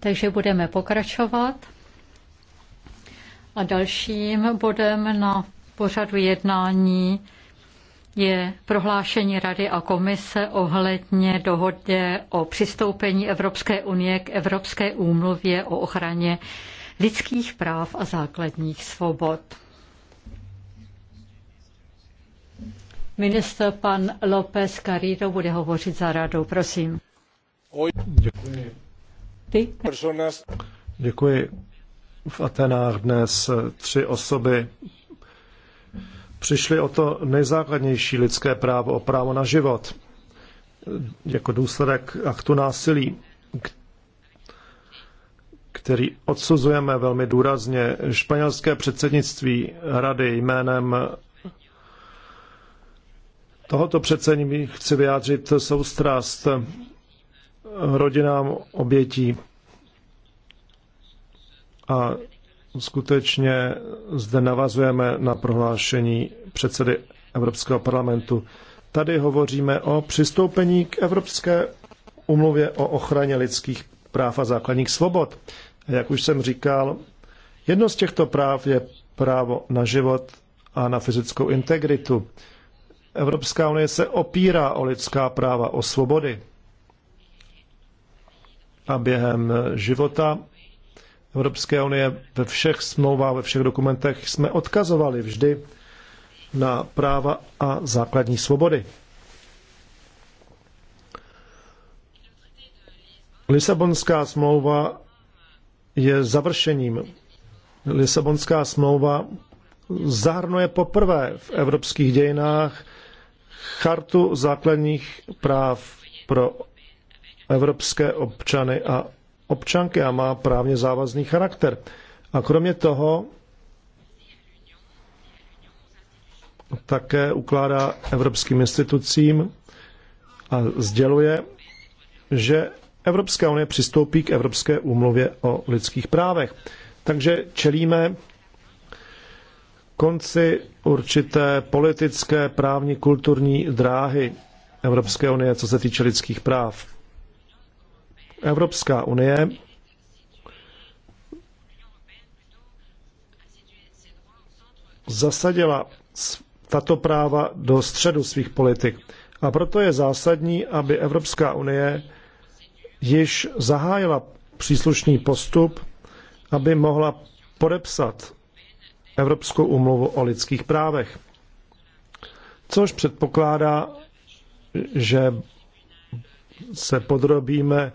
Takže budeme pokračovat. A dalším bodem na pořadu jednání je prohlášení Rady a komise ohledně dohodě o přistoupení Evropské unie k Evropské úmluvě o ochraně lidských práv a základních svobod. Minister pan López Carrido bude hovořit za radou, prosím. Děkuji. Ty? Děkuji. V Atenách dnes tři osoby přišly o to nejzákladnější lidské právo, o právo na život, jako důsledek aktu násilí, který odsuzujeme velmi důrazně. Španělské předsednictví rady jménem tohoto předsednictví chci vyjádřit soustrast rodinám obětí. A skutečně zde navazujeme na prohlášení předsedy Evropského parlamentu. Tady hovoříme o přistoupení k Evropské umluvě o ochraně lidských práv a základních svobod. A jak už jsem říkal, jedno z těchto práv je právo na život a na fyzickou integritu. Evropská unie se opírá o lidská práva, o svobody. A během života Evropské unie ve všech smlouvách, ve všech dokumentech jsme odkazovali vždy na práva a základní svobody. Lisabonská smlouva je završením. Lisabonská smlouva zahrnuje poprvé v evropských dějinách chartu základních práv pro evropské občany a občanky a má právně závazný charakter. A kromě toho také ukládá evropským institucím a sděluje, že Evropská unie přistoupí k Evropské úmluvě o lidských právech. Takže čelíme konci určité politické, právní, kulturní dráhy Evropské unie, co se týče lidských práv. Evropská unie zasadila tato práva do středu svých politik. A proto je zásadní, aby Evropská unie již zahájila příslušný postup, aby mohla podepsat Evropskou umluvu o lidských právech. Což předpokládá, že se podrobíme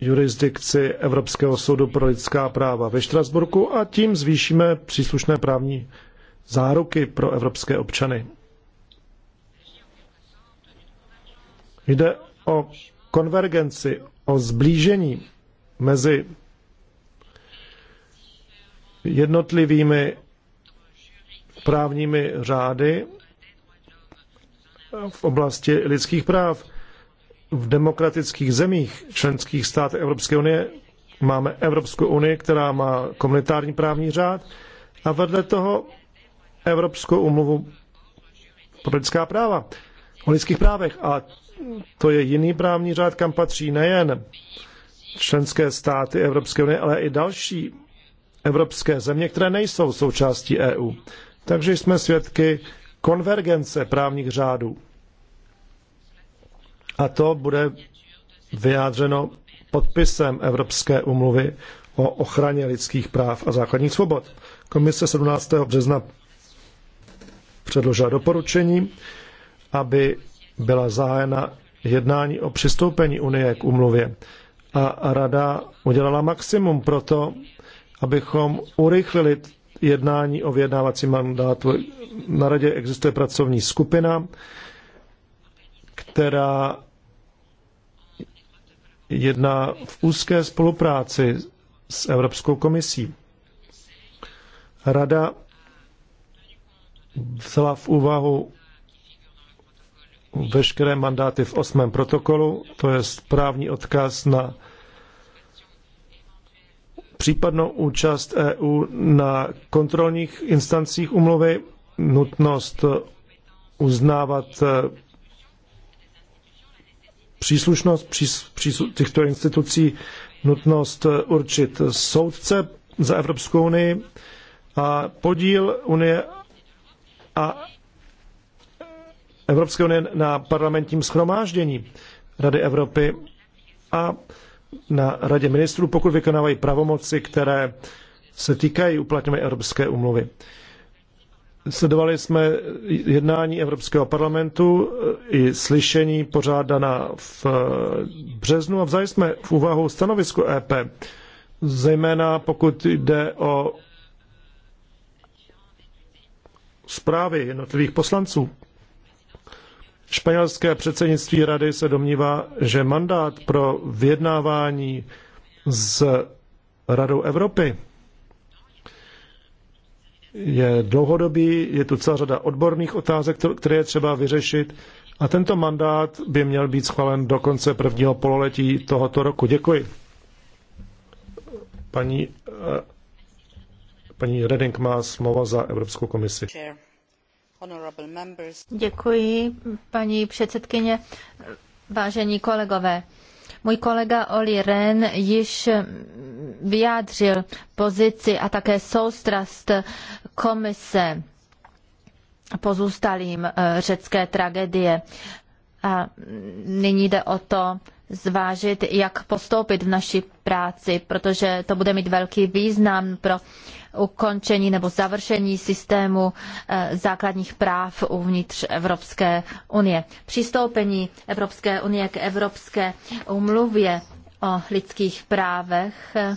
jurisdikci Evropského soudu pro lidská práva ve Štrasburku a tím zvýšíme příslušné právní záruky pro evropské občany. Jde o konvergenci, o zblížení mezi jednotlivými právními řády v oblasti lidských práv. V demokratických zemích členských států Evropské unie máme Evropskou unii, která má komunitární právní řád a vedle toho Evropskou umluvu pro lidská práva, o lidských právech. A to je jiný právní řád, kam patří nejen členské státy Evropské unie, ale i další evropské země, které nejsou součástí EU. Takže jsme svědky konvergence právních řádů. A to bude vyjádřeno podpisem Evropské umluvy o ochraně lidských práv a základních svobod. Komise 17. března předložila doporučení, aby byla zahájena jednání o přistoupení Unie k umluvě. A Rada udělala maximum pro to, abychom urychlili jednání o vyjednávacím mandátu. Na radě existuje pracovní skupina, která jedná v úzké spolupráci s Evropskou komisí. Rada vzala v úvahu veškeré mandáty v osmém protokolu, to je správný odkaz na případnou účast EU na kontrolních instancích umluvy, nutnost uznávat eh, příslušnost těchto institucí, nutnost eh, určit soudce za Evropskou unii a podíl Unie a Evropské unie na parlamentním schromáždění Rady Evropy a na Radě ministrů, pokud vykonávají pravomoci, které se týkají uplatňování Evropské umluvy. Sledovali jsme jednání Evropského parlamentu i slyšení pořádaná v eh, březnu a vzali jsme v úvahu stanovisku EP, zejména pokud jde o zprávy jednotlivých poslanců Španělské předsednictví rady se domnívá, že mandát pro vyjednávání s Radou Evropy je dlouhodobý, je tu celá řada odborných otázek, které je třeba vyřešit a tento mandát by měl být schválen do konce prvního pololetí tohoto roku. Děkuji. Paní, eh, paní Reding má slovo za Evropskou komisi. Chair. Děkuji, paní předsedkyně, vážení kolegové. Můj kolega Oli Ren již vyjádřil pozici a také soustrast komise pozůstalým eh, řecké tragédie. A nyní jde o to zvážit, jak postoupit v naší práci, protože to bude mít velký význam pro ukončení nebo završení systému eh, základních práv uvnitř Evropské unie. Přistoupení Evropské unie k Evropské umluvě o lidských právech eh,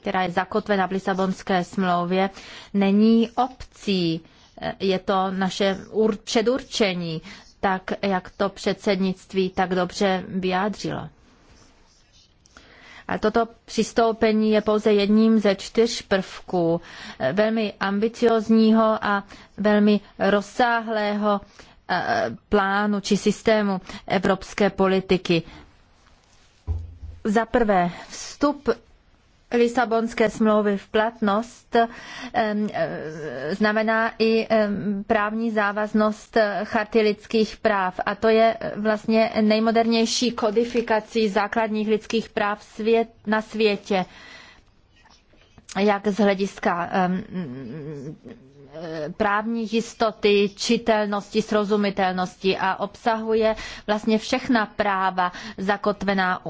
která je zakotvena v Lisabonské smlouvě, není opcí. Eh, je to naše předurčení, tak jak to předsednictví tak dobře vyjádřilo toto přistoupení je pouze jedním ze čtyř prvků eh, velmi ambiciozního a velmi rozsáhlého eh, plánu či systému evropské politiky. Za prvé, vstup Lisabonské smlouvy v platnost znamená i právní závaznost charty lidských práv. A to je vlastně nejmodernější kodifikací základních lidských práv na světě jak z hlediska eh, právní jistoty, čitelnosti, srozumitelnosti a obsahuje vlastně všechna práva zakotvená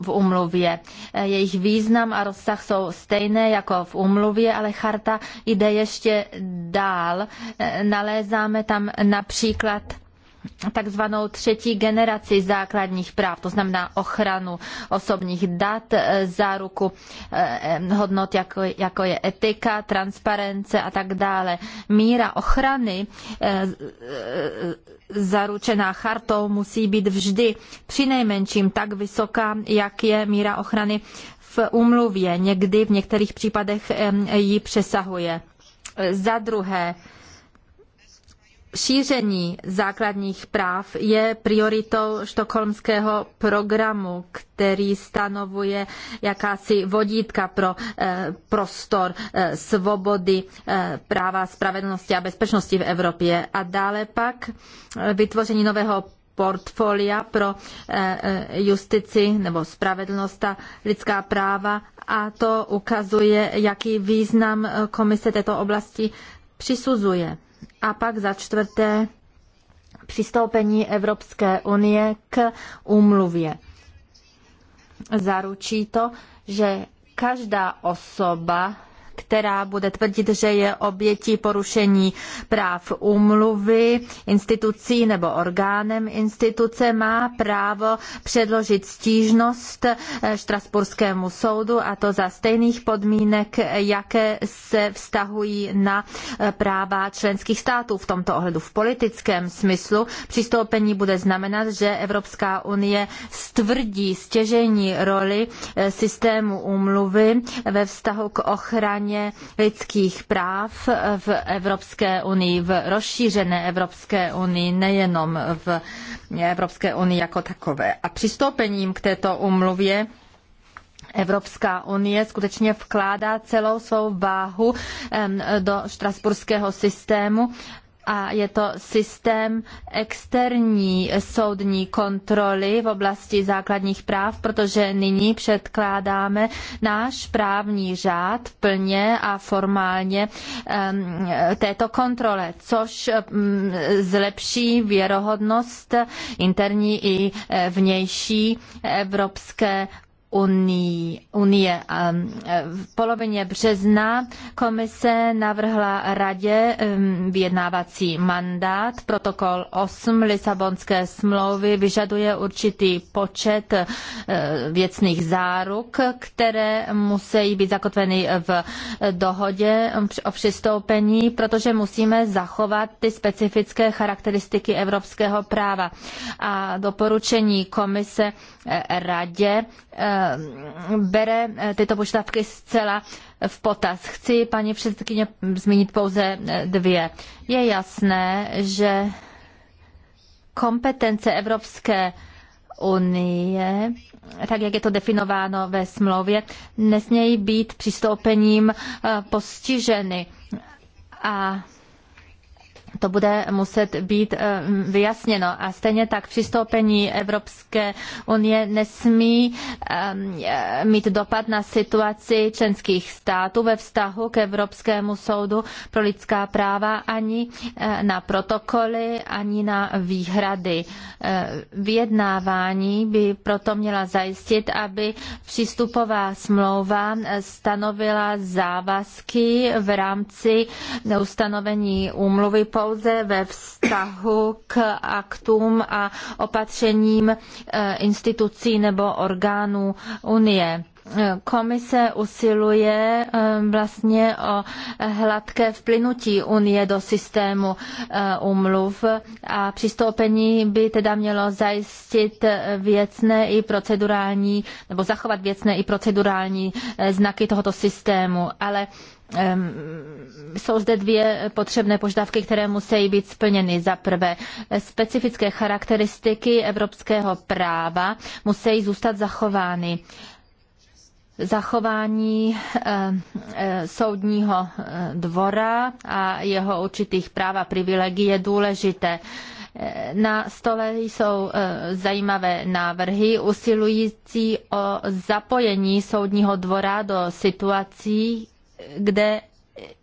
v umluvě. Eh, jejich význam a rozsah jsou stejné jako v umluvě, ale charta jde ještě dál. Eh, nalézáme tam například takzvanou třetí generaci základních práv, to znamená ochranu osobních dat, e, záruku e, e, hodnot, jako, jako je etika, transparence a tak dále. Míra ochrany zaručená chartou musí být vždy přinejmenším tak vysoká, jak je míra ochrany v úmluvě. Někdy v některých případech ji přesahuje. Za druhé, šíření základních práv je prioritou štokholmského programu, který stanovuje jakási vodítka pro eh, prostor eh, svobody, eh, práva, spravedlnosti a bezpečnosti v Evropě. A dále pak vytvoření nového portfolia pro justici nebo spravedlnost a lidská práva a to ukazuje, jaký význam komise této oblasti přisuzuje. A pak za čtvrté přistoupení Evropské unie k úmluvě. Zaručí to, že každá osoba která bude tvrdit, že je obětí porušení práv úmluvy institucí nebo orgánem instituce, má právo předložit stížnost eh, Štrasburskému soudu a to za stejných podmínek, jaké se vztahují na eh, práva členských států v tomto ohledu. V politickém smyslu přistoupení bude znamenat, že Evropská unie stvrdí stěžejní roli eh, systému úmluvy ve vztahu k ochraně ochraně lidských práv v Evropské unii, v rozšířené Evropské unii, nejenom v Evropské unii jako takové. A přistoupením k této umluvě Evropská unie skutečně vkládá celou svou váhu do štrasburského systému a je to systém externí soudní kontroly v oblasti základních práv, protože nyní předkládáme náš právní řád plně a formálně této kontrole, což zlepší věrohodnost interní i eh, vnější Evropské unii, unie. E, v polovině března komise navrhla radě vyjednávací mandát. Protokol 8 Lisabonské smlouvy vyžaduje určitý počet e, věcných záruk, které musí být zakotveny v dohodě o přistoupení, protože musíme zachovat ty specifické charakteristiky evropského práva. A doporučení komise e, radě Eh, bere eh, tyto požadavky zcela v potaz. Chci, paní předsedkyně, zmínit pouze eh, dvě. Je jasné, že kompetence Evropské unie, tak jak je to definováno ve smlouvě, nesmějí být přistoupením postiženy. A to bude muset být eh, vyjasněno. A stejně tak přistoupení Evropské unie nesmí eh, mít dopad na situaci členských států ve vztahu k Evropskému soudu pro lidská práva ani eh, na protokoly, ani na výhrady. Vyjednávání by proto měla zajistit, aby přístupová smlouva stanovila závazky v rámci ustanovení úmluvy pouze ve vztahu k aktům a opatřením eh, institucí nebo orgánů Unie komise usiluje eh, vlastně o hladké vplynutí Unie do systému umluv eh, a přistoupení by teda mělo zajistit věcné i procedurální, nebo zachovat věcné i procedurální znaky tohoto systému, ale jsou zde dvě potřebné požadavky, které musí být splněny. Za prvé, specifické charakteristiky evropského práva musí zůstat zachovány zachování soudního dvora a jeho určitých práv a privilegií je důležité. Na stole jsou zajímavé návrhy usilující o zapojení soudního dvora do situací, kde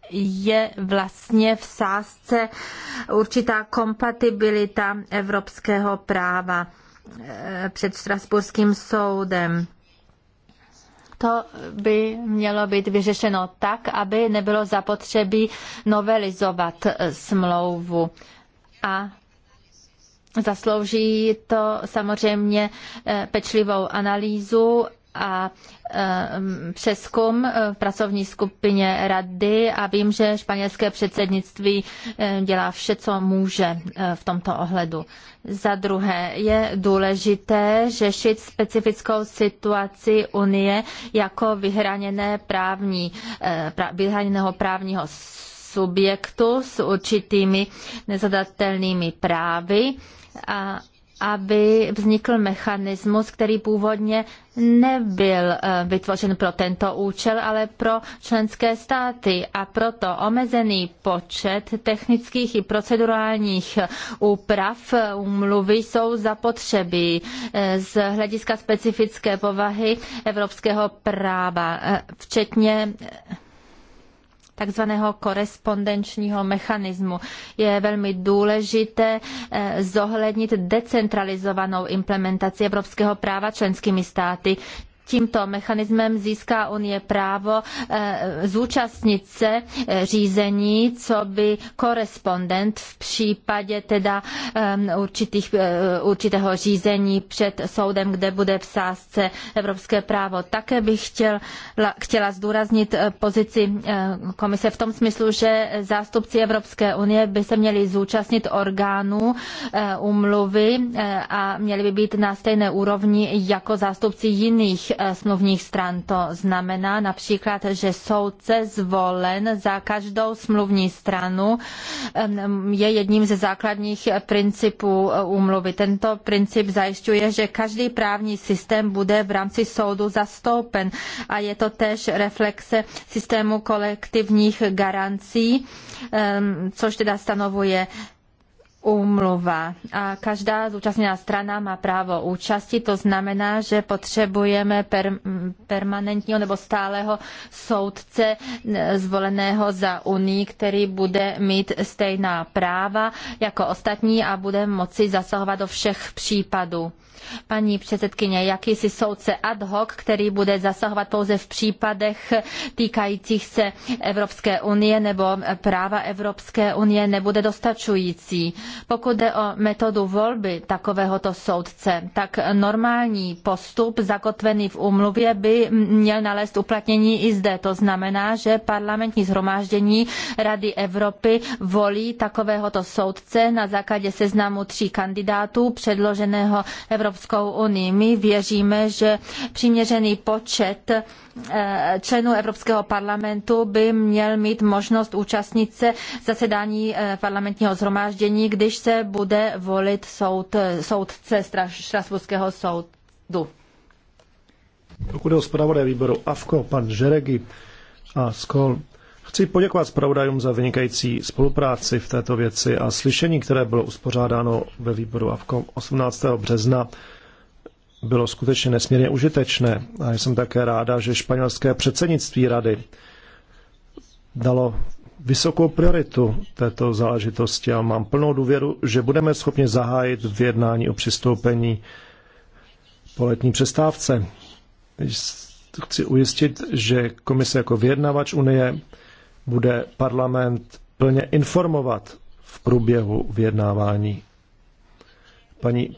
je vlastně v sázce určitá kompatibilita evropského práva eh, před Strasburským soudem. To by mělo být vyřešeno tak, aby nebylo zapotřebí novelizovat eh, smlouvu. A zaslouží to samozřejmě eh, pečlivou analýzu a přeskum eh, v pracovní skupině rady a vím, že španělské předsednictví eh, dělá vše, co může eh, v tomto ohledu. Za druhé je důležité řešit specifickou situaci Unie jako vyhraněné právní, vyhraněného právního subjektu s určitými nezadatelnými právy a aby vznikl mechanismus, který původně nebyl eh, vytvořen pro tento účel, ale pro členské státy a proto omezený počet technických i procedurálních eh, úprav eh, úmluvy jsou zapotřebí z hlediska specifické povahy evropského práva, včetně takzvaného korespondenčního mechanismu. Je velmi důležité eh, zohlednit decentralizovanou implementaci evropského práva členskými státy tímto mechanismem získá Unie právo eh, zúčastnit se eh, řízení, co by korespondent v případě teda eh, určitých, určitého řízení před soudem, kde bude v sázce evropské právo. Také bych chtěl, chtěla zdůraznit pozici komise v tom smyslu, že zástupci Evropské unie by se měli zúčastnit orgánů umluvy a měli by být na stejné úrovni jako zástupci jiných Eh, smluvních stran. To znamená například, že soudce zvolen za každou smluvní stranu eh, je jedním ze základních principů eh, úmluvy. Tento princip zajišťuje, že každý právní systém bude v rámci soudu zastoupen a je to též reflexe systému kolektivních garancí, což teda stanovuje úmluva a každá zúčastněná strana má právo účasti, to znamená, že potřebujeme per, permanentního nebo stálého soudce eh, zvoleného za Unii, který bude mít stejná práva jako ostatní a bude moci zasahovat do všech případů. Paní předsedkyně, jakýsi soudce ad hoc, který bude zasahovat pouze v případech týkajících se Evropské unie nebo práva Evropské unie, nebude dostačující pokud jde o metodu volby takovéhoto soudce, tak normální postup zakotvený v úmluvě by měl nalézt uplatnění i zde. To znamená, že parlamentní zhromáždění Rady Evropy volí takovéhoto soudce na základě seznamu tří kandidátů předloženého Evropskou unii. My věříme, že přiměřený počet Eh, členů Evropského parlamentu by měl mít možnost účastnit se zasedání eh, parlamentního zhromáždění, když se bude volit soud, eh, soudce Štrasburského soudu. Pokud je o zpravodaj výboru AFKO, pan žeregi a Skol, chci poděkovat zpravodajům za vynikající spolupráci v této věci a slyšení, které bylo uspořádáno ve výboru AFKO 18. března bylo skutečně nesmírně užitečné. A jsem také ráda, že španělské předsednictví rady dalo vysokou prioritu této záležitosti a mám plnou důvěru, že budeme schopni zahájit v jednání o přistoupení po letní přestávce. Chci ujistit, že komise jako vyjednavač Unie bude parlament plně informovat v průběhu vyjednávání. Paní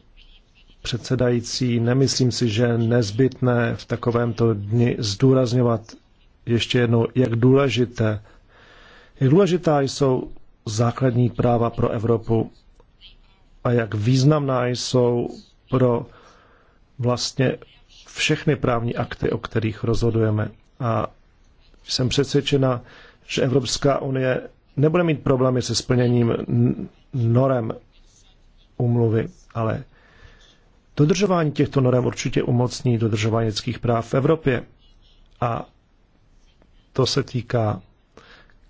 předsedající, nemyslím si, že nezbytné v takovémto dni zdůrazňovat ještě jednou, jak důležité, jak důležitá jsou základní práva pro Evropu a jak významná jsou pro vlastně všechny právní akty, o kterých rozhodujeme. A jsem přesvědčena, že Evropská unie nebude mít problémy se splněním norem umluvy, ale Dodržování těchto norm určitě umocní dodržování lidských práv v Evropě. A to se týká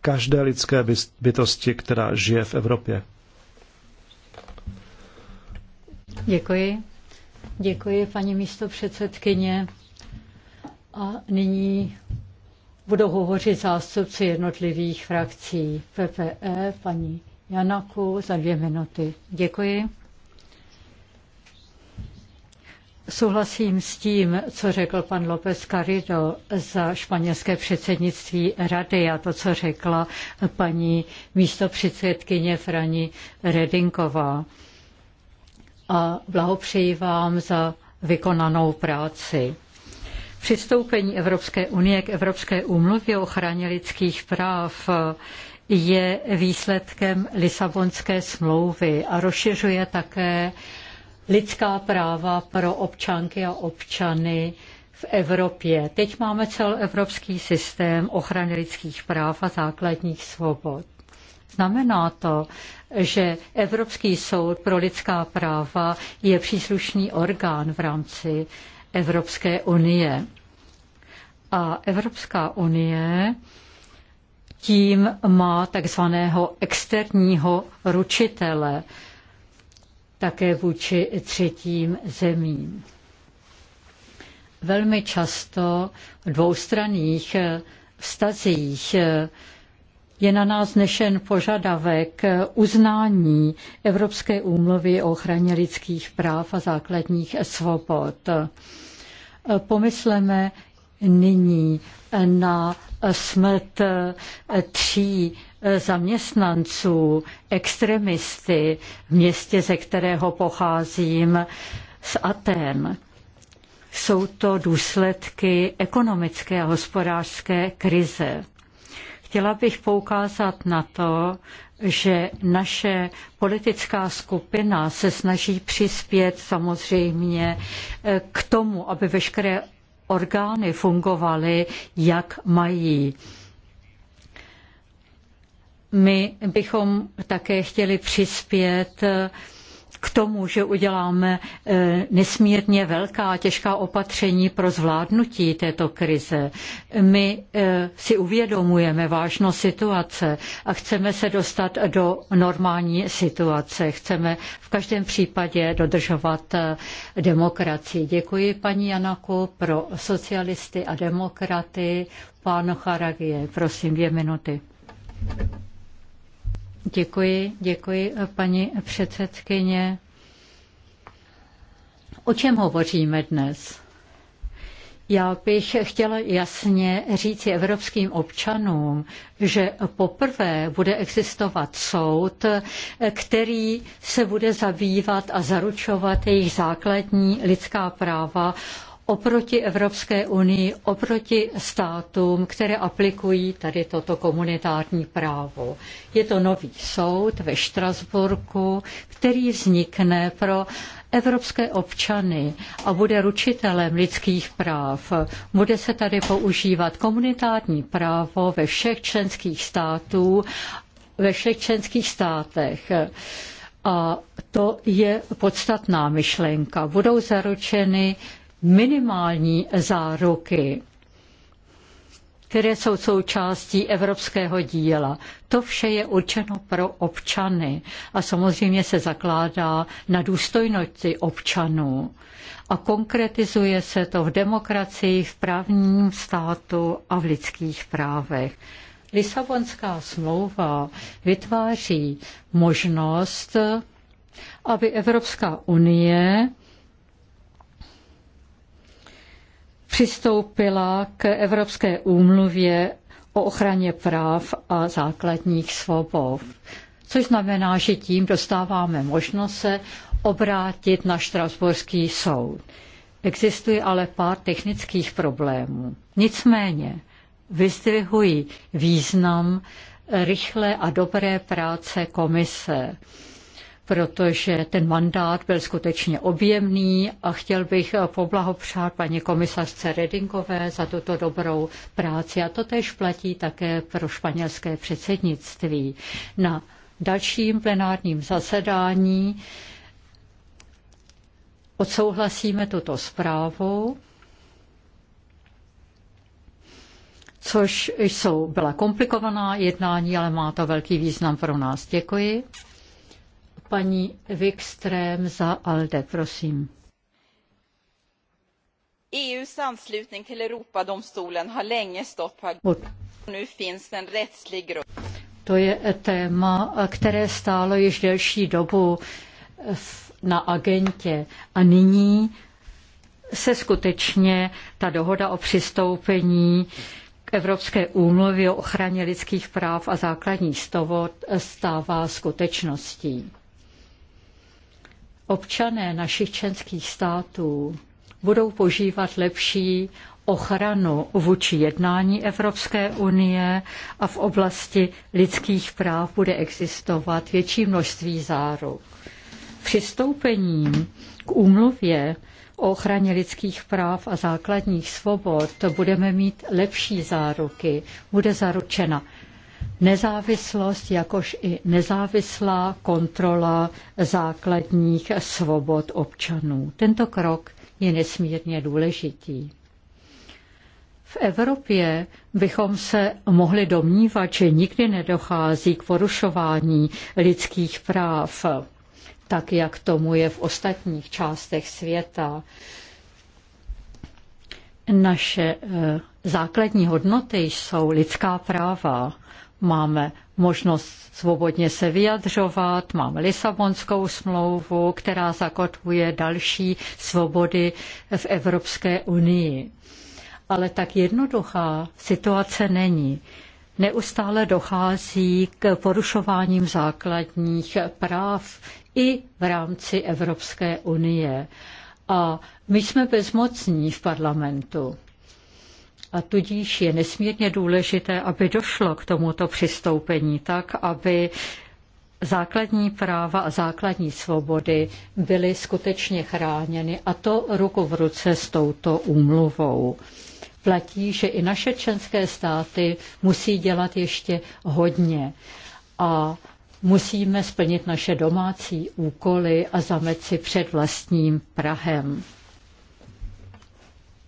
každé lidské bytosti, která žije v Evropě. Děkuji. Děkuji, paní místo předsedkyně. A nyní budou hovořit zástupci jednotlivých frakcí PPE, paní Janaku za dvě minuty. Děkuji. Souhlasím s tím, co řekl pan López Carido za španělské předsednictví rady a to, co řekla paní místopředsedkyně Frani Redinková. A blahopřeji vám za vykonanou práci. Přistoupení Evropské unie k Evropské úmluvě o ochraně lidských práv je výsledkem Lisabonské smlouvy a rozšiřuje také lidská práva pro občanky a občany v Evropě. Teď máme celoevropský systém ochrany lidských práv a základních svobod. Znamená to, že Evropský soud pro lidská práva je příslušný orgán v rámci Evropské unie. A Evropská unie tím má takzvaného externího ručitele, také vůči třetím zemím. Velmi často v dvoustranných eh, vztazích eh, je na nás nešen požadavek eh, uznání Evropské úmluvy o ochraně lidských práv a základních svobod. Pomysleme nyní na smrt tří zaměstnanců, extremisty v městě, ze kterého pocházím, z Aten. Jsou to důsledky ekonomické a hospodářské krize. Chtěla bych poukázat na to, že naše politická skupina se snaží přispět samozřejmě eh, k tomu, aby veškeré orgány fungovaly, jak mají my bychom také chtěli přispět eh, k tomu, že uděláme eh, nesmírně velká a těžká opatření pro zvládnutí této krize. My eh, si uvědomujeme vážnost situace a chceme se dostat do normální situace. Chceme v každém případě dodržovat demokracii. Děkuji paní Janaku pro socialisty a demokraty. Pán Charagie, prosím, dvě minuty. Děkuji, děkuji, paní předsedkyně. O čem hovoříme dnes? Já bych chtěla jasně říct evropským občanům, že poprvé bude existovat soud, který se bude zabývat a zaručovat jejich základní lidská práva oproti Evropské unii, oproti státům, které aplikují tady toto komunitární právo. Je to nový soud ve Štrasburku, který vznikne pro evropské občany a bude ručitelem lidských práv. Bude se tady používat komunitární právo ve všech členských států, ve všech členských státech. A to je podstatná myšlenka. Budou zaručeny minimální záruky, které jsou součástí evropského díla. To vše je určeno pro občany a samozřejmě se zakládá na důstojnosti občanů. A konkretizuje se to v demokracii, v právním státu a v lidských právech. Lisabonská smlouva vytváří možnost, aby Evropská unie přistoupila k Evropské úmluvě o ochraně práv a základních svobod. Což znamená, že tím dostáváme možnost se obrátit na Štrasburský soud. Existuje ale pár technických problémů. Nicméně vyzdvihuji význam rychlé a dobré práce komise protože ten mandát byl skutečně objemný a chtěl bych poblahopřát paní komisařce Redingové za tuto dobrou práci a to tež platí také pro španělské předsednictví. Na dalším plenárním zasedání odsouhlasíme tuto zprávu, což jsou, byla komplikovaná jednání, ale má to velký význam pro nás. Děkuji paní Wikström za ALDE, prosím. EUs anslutning till Europadomstolen har länge stått på agendan. Nu finns en rättslig grund. To je téma, které stálo již delší dobu na agentě. A nyní se skutečně ta dohoda o přistoupení k Evropské úmluvě o ochraně lidských práv a základních stovod stává skutečností občané našich členských států budou požívat lepší ochranu vůči jednání Evropské unie a v oblasti lidských práv bude existovat větší množství záruk. Přistoupením k úmluvě o ochraně lidských práv a základních svobod budeme mít lepší záruky. Bude zaručena nezávislost, jakož i nezávislá kontrola základních svobod občanů. Tento krok je nesmírně důležitý. V Evropě bychom se mohli domnívat, že nikdy nedochází k porušování lidských práv, tak jak tomu je v ostatních částech světa. Naše eh, základní hodnoty jsou lidská práva, Máme možnost svobodně se vyjadřovat, máme Lisabonskou smlouvu, která zakotvuje další svobody v Evropské unii. Ale tak jednoduchá situace není. Neustále dochází k porušováním základních práv i v rámci Evropské unie. A my jsme bezmocní v parlamentu. A tudíž je nesmírně důležité, aby došlo k tomuto přistoupení tak, aby základní práva a základní svobody byly skutečně chráněny a to ruku v ruce s touto úmluvou. Platí, že i naše členské státy musí dělat ještě hodně a musíme splnit naše domácí úkoly a zamet si před vlastním Prahem.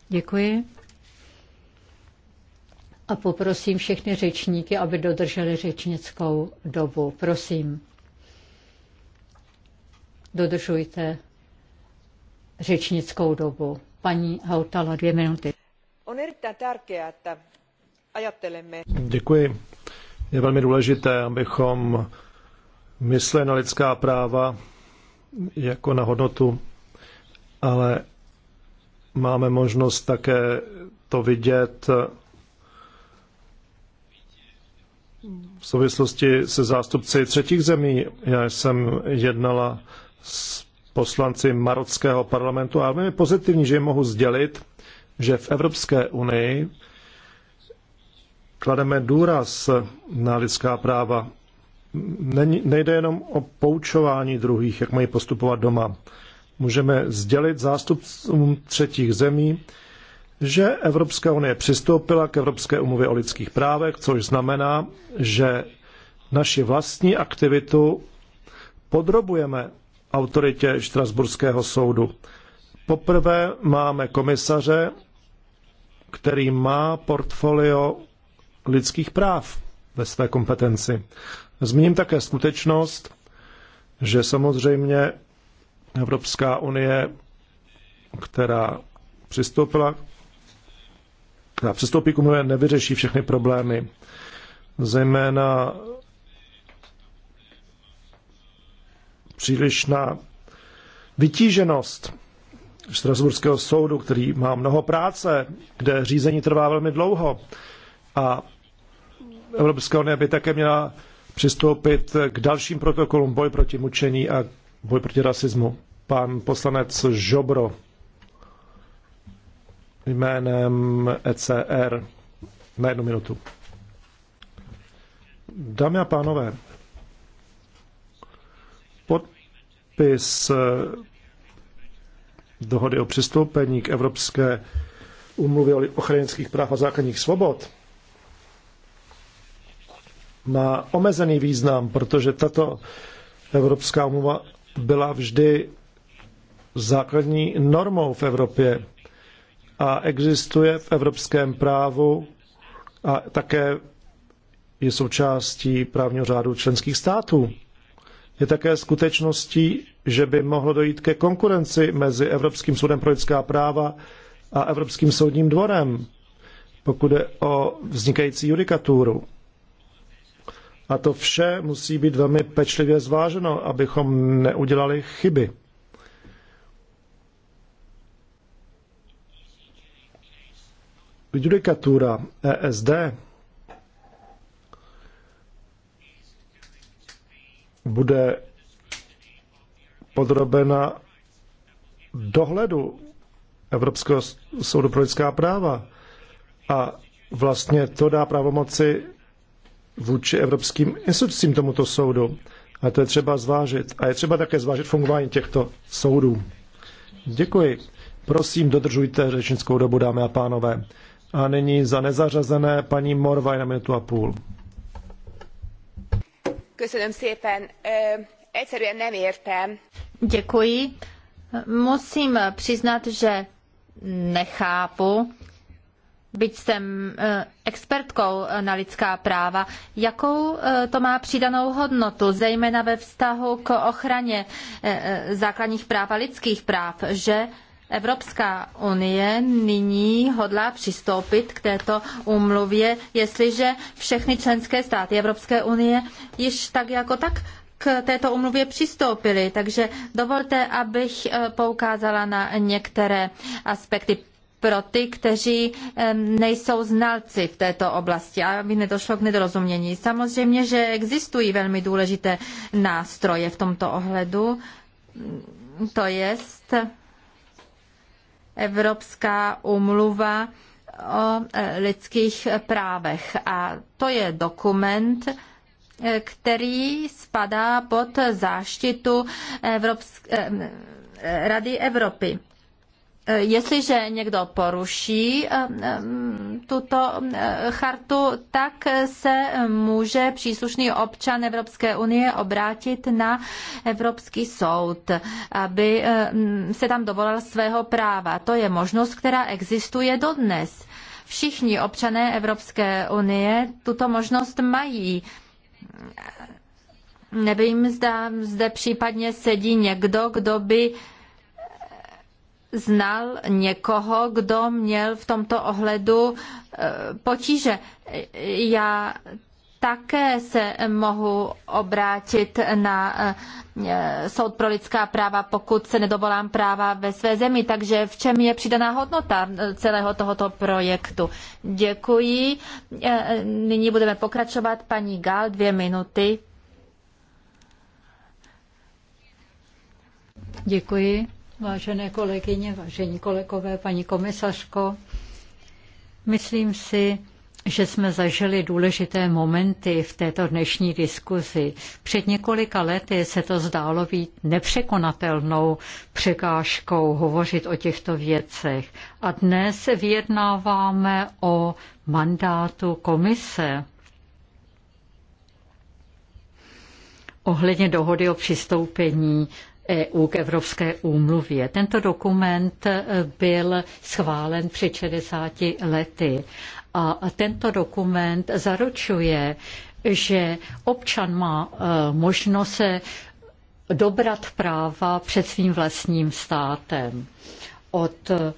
Děkuji a poprosím všechny řečníky, aby dodrželi řečnickou dobu. Prosím, dodržujte řečnickou dobu. Paní Hautala, dvě minuty. On Děkuji. Je velmi důležité, abychom mysleli na lidská práva jako na hodnotu, ale máme možnost také to vidět v souvislosti se zástupci třetích zemí. Já jsem jednala s poslanci marockého parlamentu a je pozitivní, že jim mohu sdělit, že v Evropské unii klademe důraz na lidská práva. nejde jenom o poučování druhých, jak mají postupovat doma. Můžeme sdělit zástupcům třetích zemí, že Evropská unie přistoupila k Evropské umluvě o lidských právech, což znamená, že naši vlastní aktivitu podrobujeme autoritě Štrasburského soudu. Poprvé máme komisaře, který má portfolio lidských práv ve své kompetenci. Zmíním také skutečnost, že samozřejmě Evropská unie, která přistoupila a přestoupí k umluvě, nevyřeší všechny problémy. Zejména přílišná vytíženost Strasburského soudu, který má mnoho práce, kde řízení trvá velmi dlouho. A Evropská unie by také měla přistoupit k dalším protokolům boj proti mučení a boj proti rasismu. Pan poslanec Žobro jménem ECR na jednu minutu. Dámy a pánové, podpis eh, dohody o přistoupení k Evropské umluvě o ochranických práv a základních svobod má omezený význam, protože tato Evropská umluva byla vždy základní normou v Evropě a existuje v evropském právu a také je součástí právního řádu členských států. Je také skutečností, že by mohlo dojít ke konkurenci mezi Evropským soudem pro lidská práva a Evropským soudním dvorem, pokud je o vznikající judikaturu. A to vše musí být velmi pečlivě zváženo, abychom neudělali chyby. judikatura ESD bude podrobena dohledu Evropského soudu pro lidská práva. A vlastně to dá pravomoci vůči evropským institucím tomuto soudu. A to je třeba zvážit. A je třeba také zvážit fungování těchto soudů. Děkuji. Prosím, dodržujte řečnickou dobu, dámy a pánové. A nyní za nezařazené paní Morvaj na minutu a půl. Děkuji. Musím přiznat, že nechápu, byť jsem expertkou na lidská práva, jakou to má přidanou hodnotu, zejména ve vztahu k ochraně základních práv a lidských práv, že Evropská unie nyní hodlá přistoupit k této úmluvě, jestliže všechny členské státy Evropské unie již tak jako tak k této umluvě přistoupili. Takže dovolte, abych eh, poukázala na některé aspekty pro ty, kteří nejsou znalci v této oblasti, aby nedošlo k nedorozumění. Samozřejmě, že existují velmi důležité nástroje v tomto ohledu, to jest Evropská umluva o e, lidských právech. A to je dokument, e, který spadá pod záštitu Evropsk- e, Rady Evropy. Eh, jestliže někdo poruší eh, eh, tuto chartu, tak se může příslušný občan Evropské unie obrátit na Evropský soud, aby se tam dovolal svého práva. To je možnost, která existuje dodnes. Všichni občané Evropské unie tuto možnost mají. Nevím, zda zde případně sedí někdo, kdo by znal někoho, kdo měl v tomto ohledu eh, potíže. Já také se mohu obrátit na eh, soud pro lidská práva, pokud se nedovolám práva ve své zemi. Takže v čem je přidaná hodnota celého tohoto projektu? Děkuji. Eh, nyní budeme pokračovat. Paní Gal, dvě minuty. Děkuji. Vážené kolegyně, vážení kolegové, paní komisařko, myslím si, že jsme zažili důležité momenty v této dnešní diskuzi. Před několika lety se to zdálo být nepřekonatelnou překážkou hovořit o těchto věcech. A dnes se vyjednáváme o mandátu komise ohledně dohody o přistoupení EU k Evropské úmluvě. Tento dokument byl schválen před 60 lety a tento dokument zaručuje, že občan má eh, možnost se dobrat práva před svým vlastním státem. Od eh,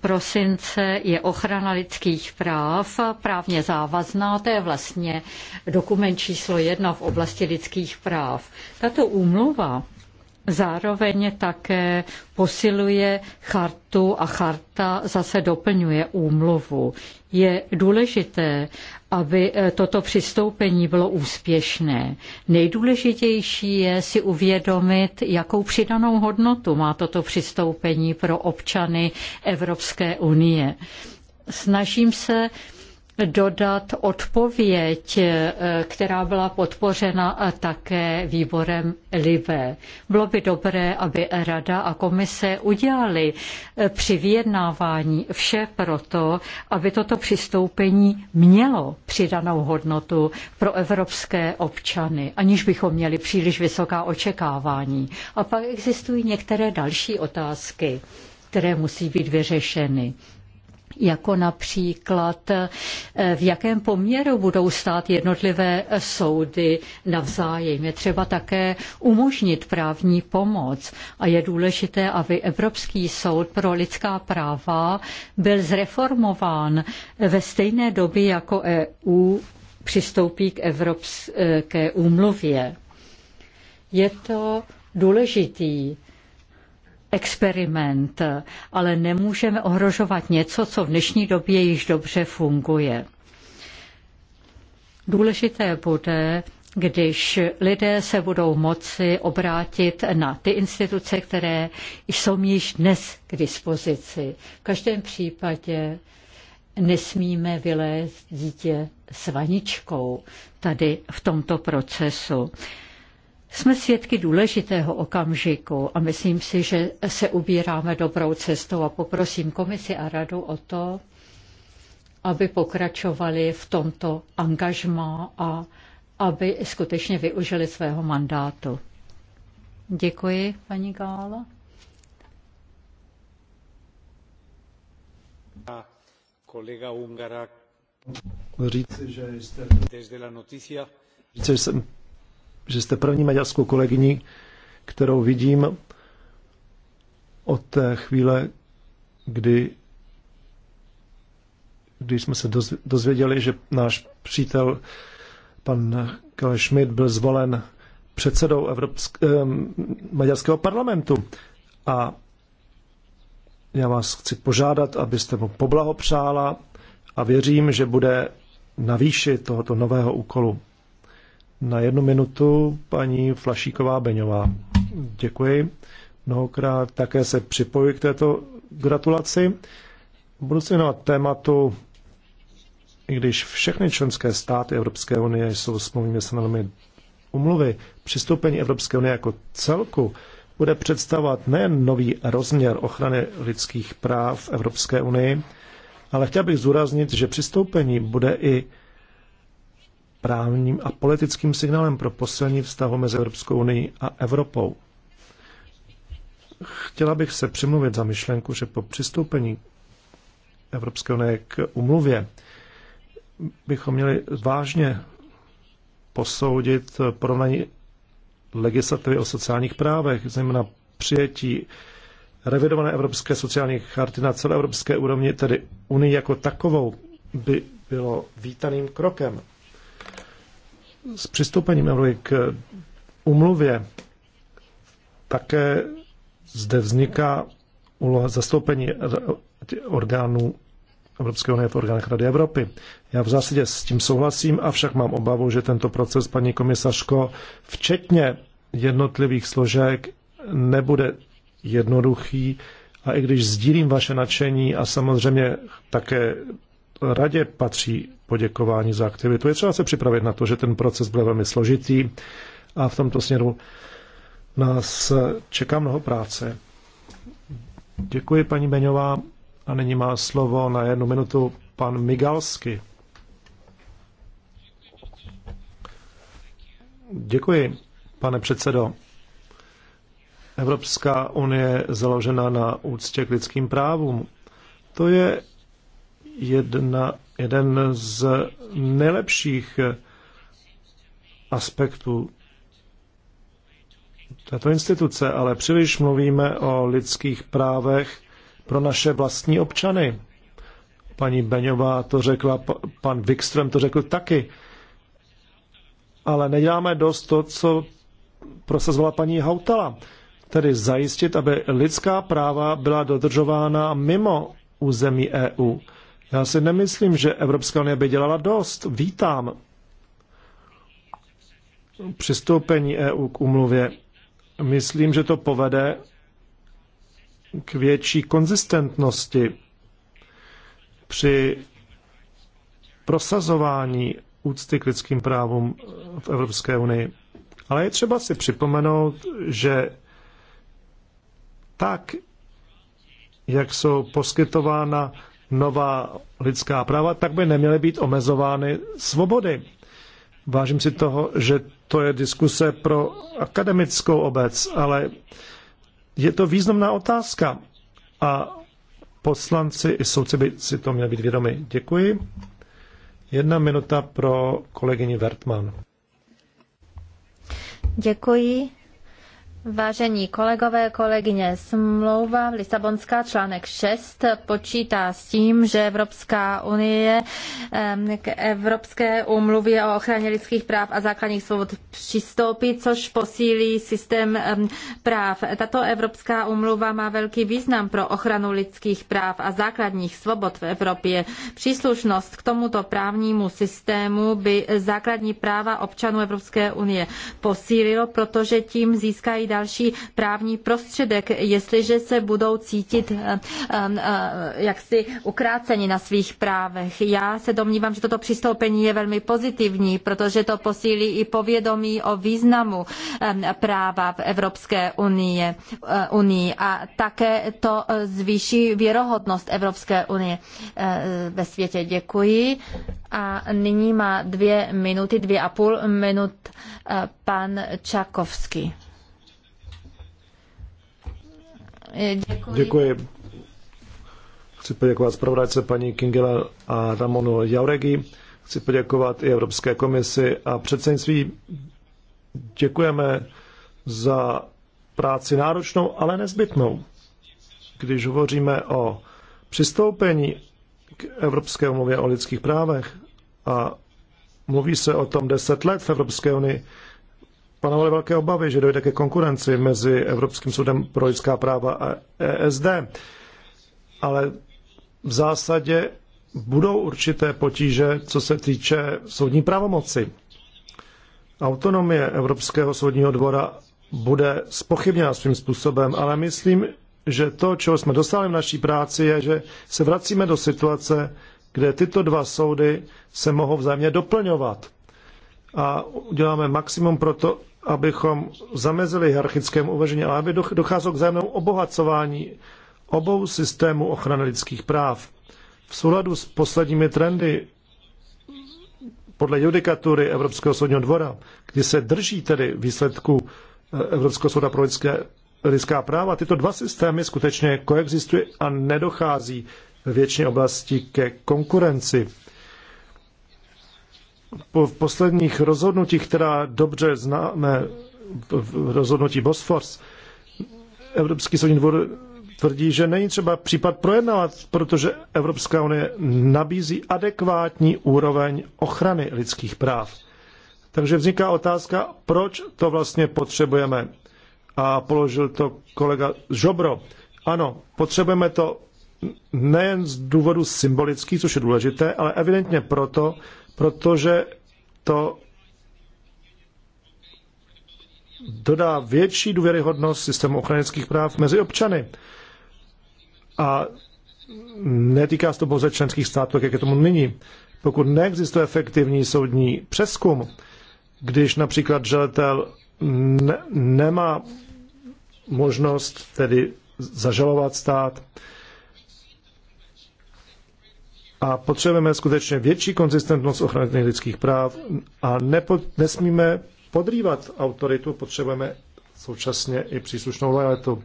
prosince je ochrana lidských práv právně závazná, to je vlastně dokument číslo jedna v oblasti lidských práv. Tato úmluva Zároveň také posiluje chartu a charta zase doplňuje úmluvu. Je důležité, aby eh, toto přistoupení bylo úspěšné. Nejdůležitější je si uvědomit, jakou přidanou hodnotu má toto přistoupení pro občany Evropské unie. Snažím se dodat odpověď, eh, která byla podpořena také výborem LIBE. Bylo by dobré, aby Rada a komise udělali eh, při vyjednávání vše proto, aby toto přistoupení mělo přidanou hodnotu pro evropské občany, aniž bychom měli příliš vysoká očekávání. A pak existují některé další otázky, které musí být vyřešeny jako například eh, v jakém poměru budou stát jednotlivé soudy navzájem. Je třeba také umožnit právní pomoc a je důležité, aby Evropský soud pro lidská práva byl zreformován ve stejné době jako EU přistoupí k Evropské úmluvě. Je to důležitý experiment, ale nemůžeme ohrožovat něco, co v dnešní době již dobře funguje. Důležité bude, když lidé se budou moci obrátit na ty instituce, které jsou již dnes k dispozici. V každém případě nesmíme vylézt dítě s vaničkou tady v tomto procesu. Jsme svědky důležitého okamžiku a myslím si, že se ubíráme dobrou cestou a poprosím komisi a radu o to, aby pokračovali v tomto angažmá a aby skutečně využili svého mandátu. Děkuji, paní Gála. Kolega Ungara. Říci, že jste... Desde la noticia... Říci, že jsem že jste první maďarskou kolegyní, kterou vidím od té chvíle, kdy, kdy jsme se dozvěděli, že náš přítel pan Kale Schmidt byl zvolen předsedou Evropsk- eh, maďarského parlamentu. A já vás chci požádat, abyste mu poblahopřála a věřím, že bude na výši tohoto nového úkolu. Na jednu minutu paní Flašíková Beňová. Děkuji mnohokrát. Také se připojuji k této gratulaci. Budu se věnovat tématu, i když všechny členské státy Evropské unie jsou smluvními stranami umluvy, přistoupení Evropské unie jako celku bude představovat nejen nový rozměr ochrany lidských práv Evropské unii, ale chtěl bych zúraznit, že přistoupení bude i právním a politickým signálem pro posilní vztahu mezi Evropskou unii a Evropou. Chtěla bych se přimluvit za myšlenku, že po přistoupení Evropské unie k umluvě bychom měli vážně posoudit porovnání legislativy o sociálních právech, zejména přijetí revidované Evropské sociální charty na celé evropské úrovni, tedy Unii jako takovou, by bylo vítaným krokem s přistoupením Evropy k umluvě také zde vzniká úloha zastoupení orgánů Evropské unie v orgánech Rady Evropy. Já v zásadě s tím souhlasím, avšak mám obavu, že tento proces, paní komisařko, včetně jednotlivých složek, nebude jednoduchý. A i když sdílím vaše nadšení a samozřejmě také radě patří poděkování za aktivitu. Je třeba se připravit na to, že ten proces bude velmi složitý a v tomto směru nás čeká mnoho práce. Děkuji, paní Beňová. A nyní má slovo na jednu minutu pan Migalsky. Děkuji, pane předsedo. Evropská unie je založena na úctě k lidským právům. To je jedna jeden z nejlepších aspektů této instituce, ale příliš mluvíme o lidských právech pro naše vlastní občany. Paní Beňová to řekla, pan Wikström to řekl taky. Ale neděláme dost to, co prosazovala paní Hautala, tedy zajistit, aby lidská práva byla dodržována mimo území EU. Já si nemyslím, že Evropská unie by dělala dost. Vítám přistoupení EU k umluvě. Myslím, že to povede k větší konzistentnosti při prosazování úcty k lidským právům v Evropské unii. Ale je třeba si připomenout, že tak, jak jsou poskytována nová lidská práva, tak by neměly být omezovány svobody. Vážím si toho, že to je diskuse pro akademickou obec, ale je to významná otázka a poslanci i soudci by si to měli být vědomi. Děkuji. Jedna minuta pro kolegyni Vertman. Děkuji. Vážení kolegové, kolegyně, smlouva Lisabonská článek 6 počítá s tím, že Evropská unie k Evropské úmluvě o ochraně lidských práv a základních svobod přistoupí, což posílí systém práv. Tato Evropská úmluva má velký význam pro ochranu lidských práv a základních svobod v Evropě. Příslušnost k tomuto právnímu systému by základní práva občanů Evropské unie posílilo, protože tím získají další právní prostředek, jestliže se budou cítit eh, eh, eh, jaksi ukráceni na svých právech. Já se domnívám, že toto přistoupení je velmi pozitivní, protože to posílí i povědomí o významu práva v Evropské unie, unii a také to zvýší věrohodnost Evropské unie ve světě. Děkuji. A nyní má dvě minuty, dvě a půl minut pan Čakovský. Děkuji. Děkuji. Chci poděkovat zpravodajce paní Kingela a Ramonu Jauregi. Chci poděkovat i Evropské komisi a předsednictví. Děkujeme za práci náročnou, ale nezbytnou. Když hovoříme o přistoupení k Evropské umluvě o lidských právech a mluví se o tom deset let v Evropské unii, panovaly velké obavy, že dojde ke konkurenci mezi Evropským soudem pro lidská práva a ESD. Ale v zásadě budou určité potíže, co se týče soudní pravomoci. Autonomie Evropského soudního dvora bude spochybněna svým způsobem, ale myslím, že to, čeho jsme dostali v naší práci, je, že se vracíme do situace, kde tyto dva soudy se mohou vzájemně doplňovat. A uděláme maximum pro to, abychom zamezili hierarchickému uvažení, ale aby docházelo k zájemnému obohacování obou systémů ochrany lidských práv. V souladu s posledními trendy podle judikatury Evropského soudního dvora, kdy se drží tedy výsledku eh, Evropského souda pro lidské, lidská práva, tyto dva systémy skutečně koexistují a nedochází ve většině oblasti ke konkurenci po v posledních rozhodnutích, která dobře známe, v rozhodnutí Bosfors, Evropský soudní dvor tvrdí, že není třeba případ projednávat, protože Evropská unie nabízí adekvátní úroveň ochrany lidských práv. Takže vzniká otázka, proč to vlastně potřebujeme. A položil to kolega Žobro. Ano, potřebujeme to nejen z důvodu symbolických, což je důležité, ale evidentně proto, protože to dodá větší důvěryhodnost systému ochranických práv mezi občany. A netýká se to pouze členských států, jak je tomu nyní. Pokud neexistuje efektivní soudní přeskum, když například žadatel ne- nemá možnost tedy zažalovat stát, a potřebujeme skutečně větší konzistentnost ochrany lidských práv a nepo, nesmíme podrývat autoritu, potřebujeme současně i příslušnou lojalitu.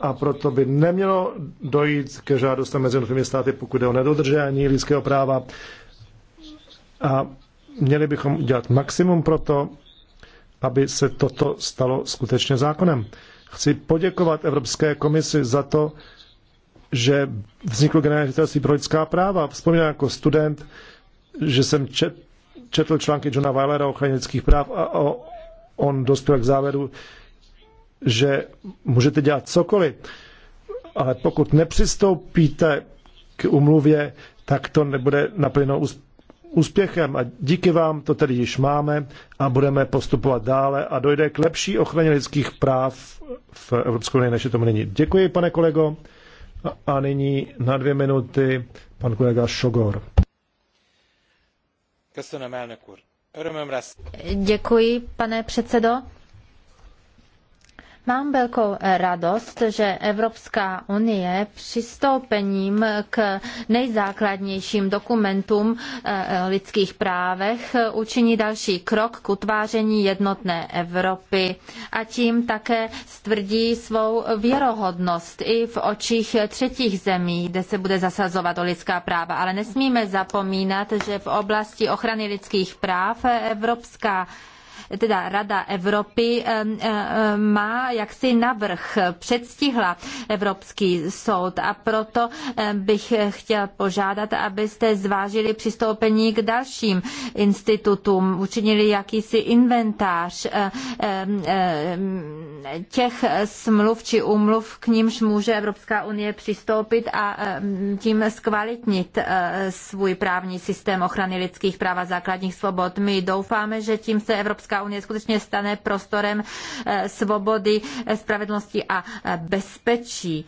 A proto by nemělo dojít ke žádostem mezi jednotlivými státy, pokud je o nedodržení lidského práva. A měli bychom udělat maximum pro to, aby se toto stalo skutečně zákonem. Chci poděkovat Evropské komisi za to, že vzniklo generální ředitelství pro lidská práva. Vzpomínám jako student, že jsem čet, četl články Johna Weilera o ochraně lidských práv a o, on dospěl k závěru, že můžete dělat cokoliv, ale pokud nepřistoupíte k umluvě, tak to nebude naplněno úspěchem. A díky vám to tedy již máme a budeme postupovat dále a dojde k lepší ochraně lidských práv v Evropské unii, než je tomu není. Děkuji, pane kolego. A nyní na dvě minuty pan kolega Šogor. Děkuji, pane předsedo. Mám velkou eh, radost, že Evropská unie přistoupením k nejzákladnějším dokumentům eh, eh, lidských právech učiní další krok k utváření jednotné Evropy a tím také stvrdí svou věrohodnost i v očích třetích zemí, kde se bude zasazovat o lidská práva. Ale nesmíme zapomínat, že v oblasti ochrany lidských práv Evropská teda Rada Evropy eh, eh, má jaksi navrh, předstihla Evropský soud a proto eh, bych chtěl požádat, abyste zvážili přistoupení k dalším institutům, učinili jakýsi inventář těch smluv či úmluv, k nímž může Evropská unie přistoupit a tím zkvalitnit svůj právní systém ochrany lidských práv a základních svobod. My doufáme, že tím se Evropská Evropská unie skutečně stane prostorem eh, svobody, eh, spravedlnosti a eh, bezpečí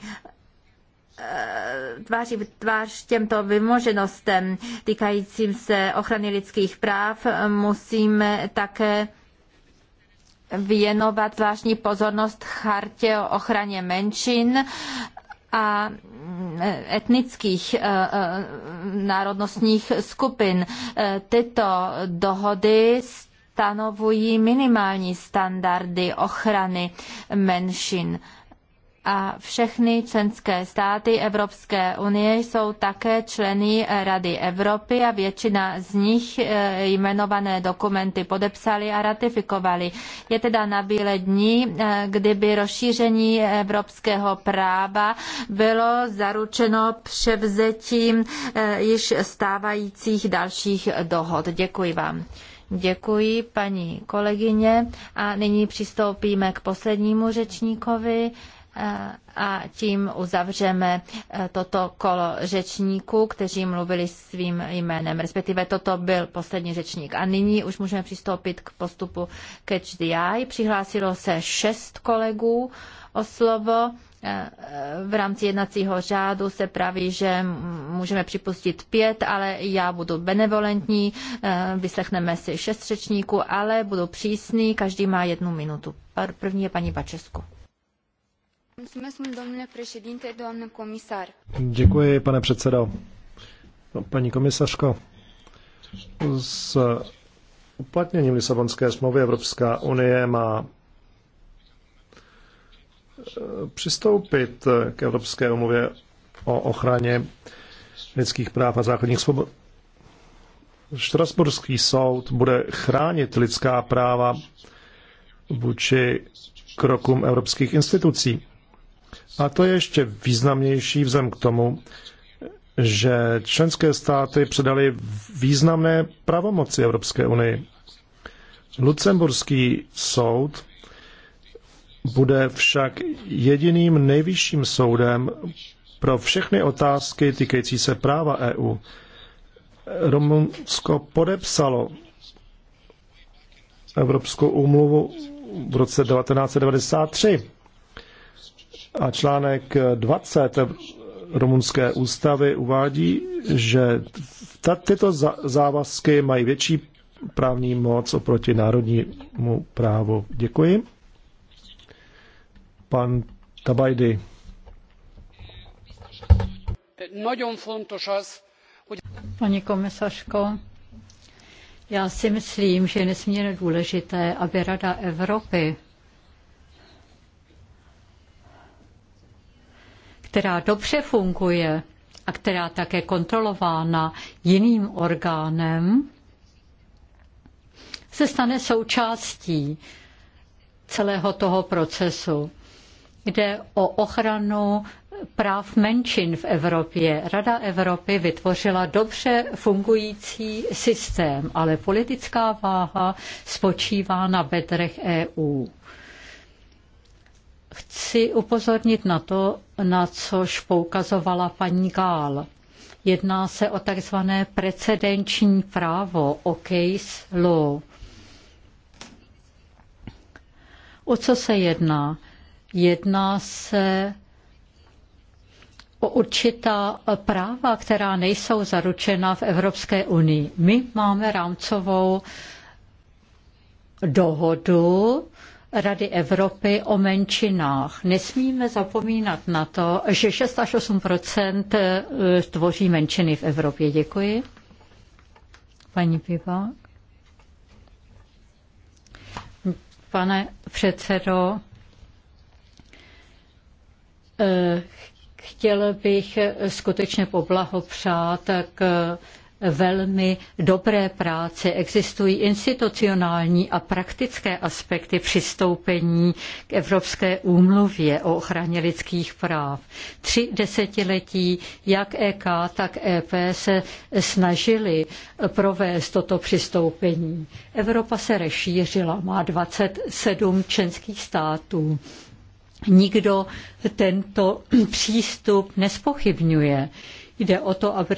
tváří v tvář těmto vymoženostem týkajícím se ochrany lidských práv musíme také věnovat zvláštní pozornost chartě o ochraně menšin a etnických národnostních skupin. Tyto dohody s stanovují minimální standardy ochrany menšin. A všechny členské státy Evropské unie jsou také členy Rady Evropy a většina z nich eh, jmenované dokumenty podepsali a ratifikovali. Je teda na bílé dní, eh, kdyby rozšíření evropského práva bylo zaručeno převzetím eh, již stávajících dalších dohod. Děkuji vám. Děkuji paní kolegyně a nyní přistoupíme k poslednímu řečníkovi eh, a tím uzavřeme eh, toto kolo řečníků, kteří mluvili svým jménem, respektive toto byl poslední řečník. A nyní už můžeme přistoupit k postupu Catch the Eye. Přihlásilo se šest kolegů o slovo v rámci jednacího řádu se praví, že můžeme připustit pět, ale já budu benevolentní, eh, vyslechneme si šest řečníků, ale budu přísný, každý má jednu minutu. První je paní Bačesku. Děkuji, pane předsedo. No, paní komisařko, s uplatněním Lisabonské smlouvy Evropská unie má přistoupit k Evropské umluvě o ochraně lidských práv a základních svobod. Štrasburský soud bude chránit lidská práva vůči krokům evropských institucí. A to je ještě významnější vzem k tomu, že členské státy předali významné pravomoci Evropské unii. Lucemburský soud bude však jediným nejvyšším soudem pro všechny otázky týkající se práva EU. Rumunsko podepsalo Evropskou úmluvu v roce 1993 a článek 20 rumunské ústavy uvádí, že tyto závazky mají větší právní moc oproti národnímu právu. Děkuji. Pan Tabajdy. Paní komisařko, já si myslím, že je nesmírně důležité, aby Rada Evropy, která dobře funguje a která také kontrolována jiným orgánem, se stane součástí celého toho procesu. Jde o ochranu práv menšin v Evropě. Rada Evropy vytvořila dobře fungující systém, ale politická váha spočívá na bedrech EU. Chci upozornit na to, na což poukazovala paní Gál. Jedná se o takzvané precedenční právo, o case law. O co se jedná? Jedná se o určitá práva, která nejsou zaručena v Evropské unii. My máme rámcovou dohodu Rady Evropy o menšinách. Nesmíme zapomínat na to, že 6 až 8 eh, tvoří menšiny v Evropě. Děkuji. Paní Pivák. Pane předsedo, Eh, chtěl bych skutečně poblahopřát k velmi dobré práci. Existují institucionální a praktické aspekty přistoupení k Evropské úmluvě o ochraně lidských práv. Tři desetiletí jak EK, tak EP se snažili provést toto přistoupení. Evropa se rozšířila, má 27 členských států. Nikdo tento přístup nespochybňuje. Jde o to, aby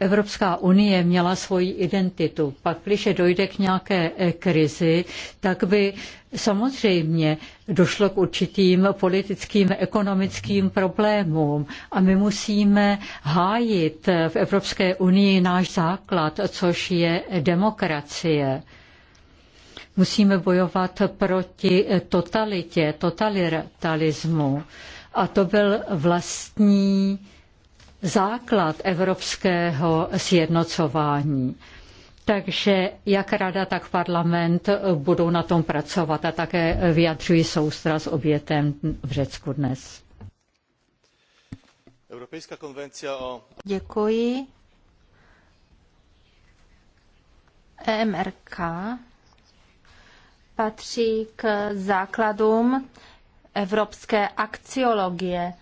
Evropská unie měla svoji identitu. Pak, když dojde k nějaké eh, krizi, tak by samozřejmě došlo k určitým politickým, ekonomickým problémům a my musíme hájit v Evropské unii náš základ, což je demokracie. Musíme bojovat proti totalitě, totalitarismu. A to byl vlastní základ evropského sjednocování. Takže jak rada, tak parlament budou na tom pracovat a také vyjadřují soustra s obětem v Řecku dnes. Evropská konvence o... Děkuji. EMRK patří k základům evropské akciologie.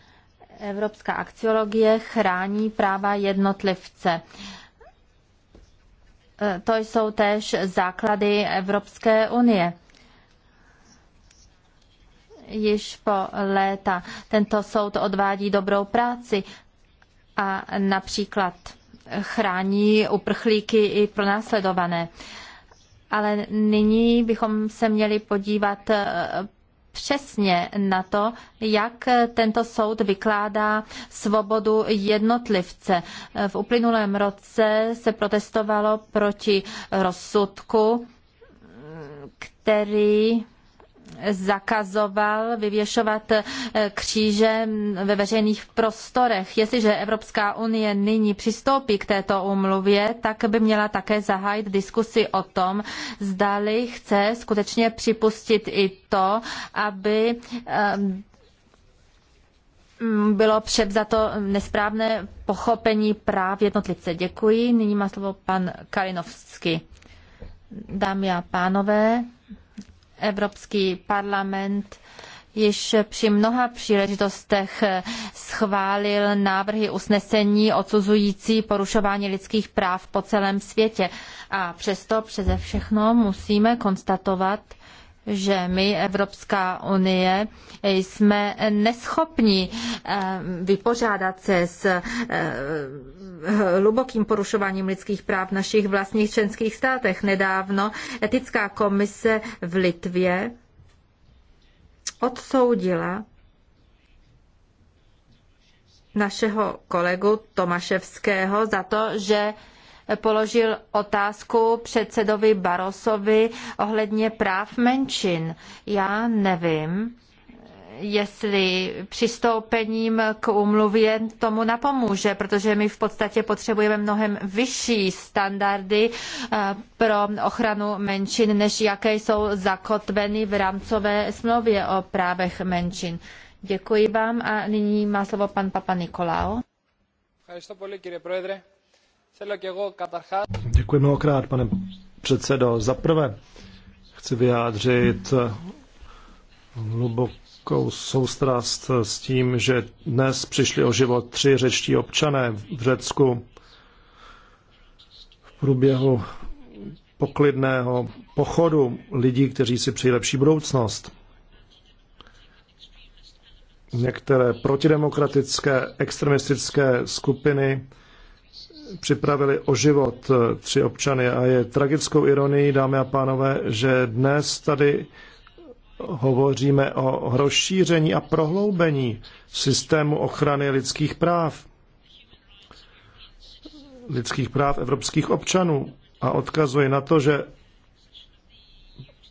Evropská akciologie chrání práva jednotlivce. E, to jsou též základy Evropské unie již po léta. Tento soud odvádí dobrou práci a například chrání uprchlíky i pronásledované ale nyní bychom se měli podívat eh, přesně na to, jak tento soud vykládá svobodu jednotlivce. Eh, v uplynulém roce se protestovalo proti rozsudku, mm, který zakazoval vyvěšovat eh, kříže ve veřejných prostorech. Jestliže Evropská unie nyní přistoupí k této úmluvě, tak by měla také zahájit diskusi o tom, zdali chce skutečně připustit i to, aby eh, bylo převzato nesprávné pochopení práv jednotlivce. Děkuji. Nyní má slovo pan Kalinovský. Dámy a pánové, Evropský parlament již při mnoha příležitostech schválil návrhy usnesení odsuzující porušování lidských práv po celém světě. A přesto přeze všechno musíme konstatovat, že my, Evropská unie, jsme neschopni eh, vypořádat se s eh, hlubokým porušováním lidských práv v našich vlastních členských státech. Nedávno etická komise v Litvě odsoudila našeho kolegu Tomaševského za to, že položil otázku předsedovi Barosovi ohledně práv menšin. Já nevím, jestli přistoupením k úmluvě tomu napomůže, protože my v podstatě potřebujeme mnohem vyšší standardy eh, pro ochranu menšin, než jaké jsou zakotveny v rámcové smlouvě o právech menšin. Děkuji vám a nyní má slovo pan Papa Nikolao. Děkuji, Děkuji mnohokrát, pane předsedo. Za prvé chci vyjádřit hlubokou soustrast s tím, že dnes přišli o život tři řečtí občané v Řecku v průběhu poklidného pochodu lidí, kteří si přejí lepší budoucnost. Některé protidemokratické extremistické skupiny připravili o život eh, tři občany a je tragickou ironií, dámy a pánové, že dnes tady hovoříme o rozšíření a prohloubení systému ochrany lidských práv, lidských práv evropských občanů a odkazuje na to, že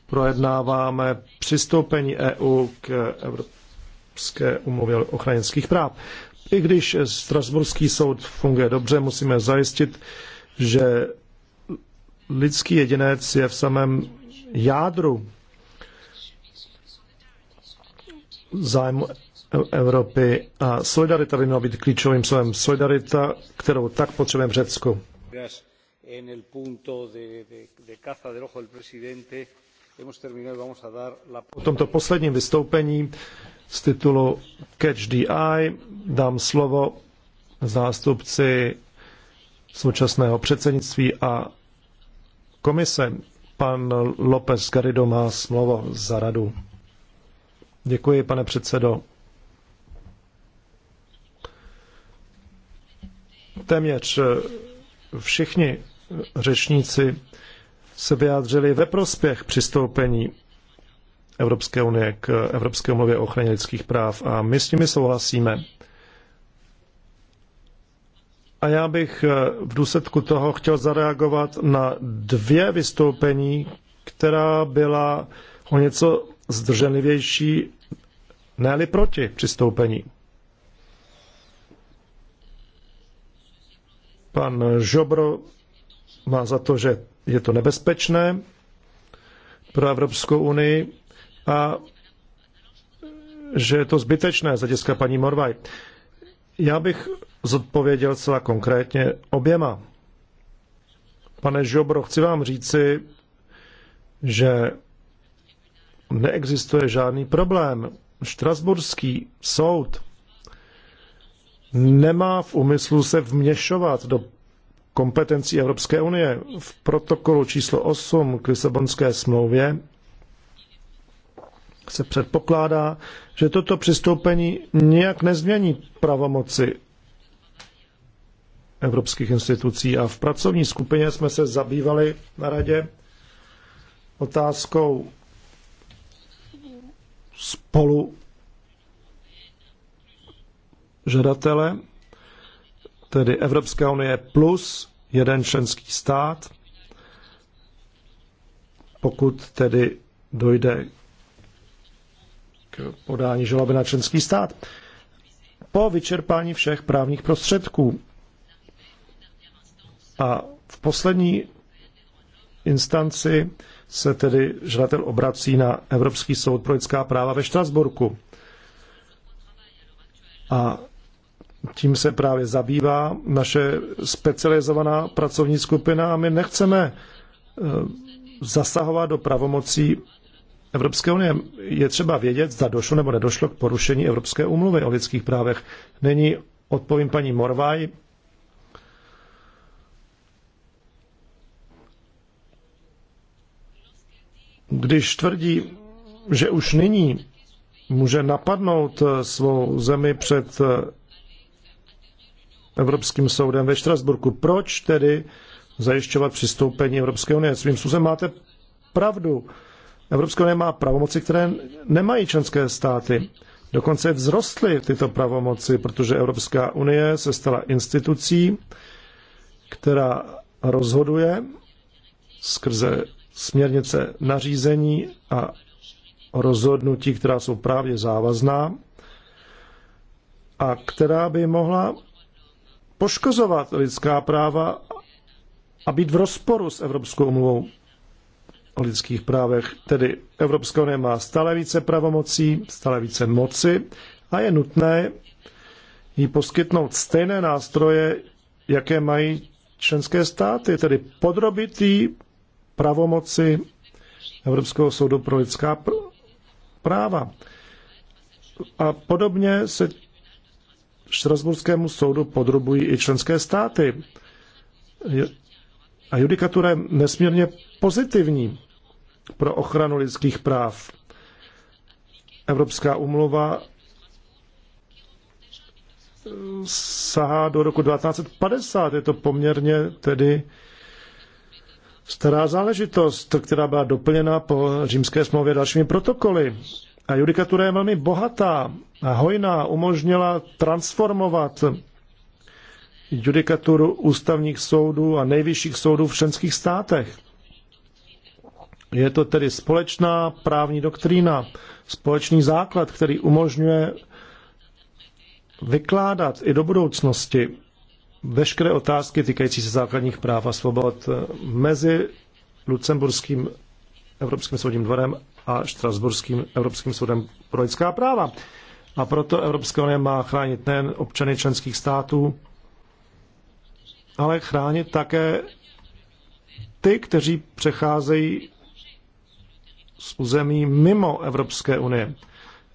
projednáváme přistoupení EU k Evropské umluvě o lidských práv. I když Strasburský soud funguje dobře, musíme zajistit, že lidský jedinec je v samém jádru zájmu Evropy a solidarita by měla být klíčovým slovem. Solidarita, kterou tak potřebujeme v Řecku. Po tomto posledním vystoupení z titulu Catch the Eye dám slovo zástupci současného předsednictví a komise. Pan López Garrido má slovo za radu. Děkuji, pane předsedo. Téměř všichni řečníci se vyjádřili ve prospěch přistoupení Evropské unie k Evropské umluvě o ochraně lidských práv a my s nimi souhlasíme. A já bych eh, v důsledku toho chtěl zareagovat na dvě vystoupení, která byla o něco zdrženlivější, ne proti přistoupení. Pan Žobro má za to, že je to nebezpečné pro Evropskou unii a že je to zbytečné z hlediska paní Morvaj. Já bych zodpověděl celá konkrétně oběma. Pane Žobro, chci vám říci, že neexistuje žádný problém. Štrasburský soud nemá v úmyslu se vměšovat do kompetencí Evropské unie. V protokolu číslo 8 k Lisabonské smlouvě se předpokládá, že toto přistoupení nijak nezmění pravomoci evropských institucí. A v pracovní skupině jsme se zabývali na radě otázkou spolu žadatele, tedy Evropská unie plus jeden členský stát, pokud tedy dojde k podání žaloby na členský stát. Po vyčerpání všech právních prostředků a v poslední instanci se tedy žadatel obrací na Evropský soud pro lidská práva ve Štrasburku. A tím se právě zabývá naše specializovaná pracovní skupina a my nechceme eh, zasahovat do pravomocí Evropské unie je třeba vědět, zda došlo nebo nedošlo k porušení Evropské úmluvy o lidských právech. Není odpovím paní Morvaj. Když tvrdí, že už nyní může napadnout svou zemi před Evropským soudem ve Štrasburku. Proč tedy zajišťovat přistoupení Evropské unie? Svým způsobem máte pravdu. Evropská unie má pravomoci, které nemají členské státy. Dokonce vzrostly tyto pravomoci, protože Evropská unie se stala institucí, která rozhoduje skrze směrnice nařízení a rozhodnutí, která jsou právě závazná a která by mohla poškozovat lidská práva a být v rozporu s Evropskou umluvou o lidských právech. Tedy Evropská unie má stále více pravomocí, stále více moci a je nutné jí poskytnout stejné nástroje, jaké mají členské státy, tedy podrobit pravomoci Evropského soudu pro lidská pr- práva. A podobně se Štrasburskému soudu podrobují i členské státy a judikatura je nesmírně pozitivní pro ochranu lidských práv. Evropská umluva sahá do roku 1950. Je to poměrně tedy stará záležitost, která byla doplněna po římské smlouvě dalšími protokoly. A judikatura je velmi bohatá a hojná, umožnila transformovat judikaturu ústavních soudů a nejvyšších soudů v členských státech. Je to tedy společná právní doktrína, společný základ, který umožňuje vykládat i do budoucnosti veškeré otázky týkající se základních práv a svobod mezi Lucemburským Evropským soudním dvorem a Štrasburským Evropským soudem pro lidská práva. A proto Evropská unie má chránit nejen občany členských států, ale chránit také ty, kteří přecházejí z území mimo Evropské unie.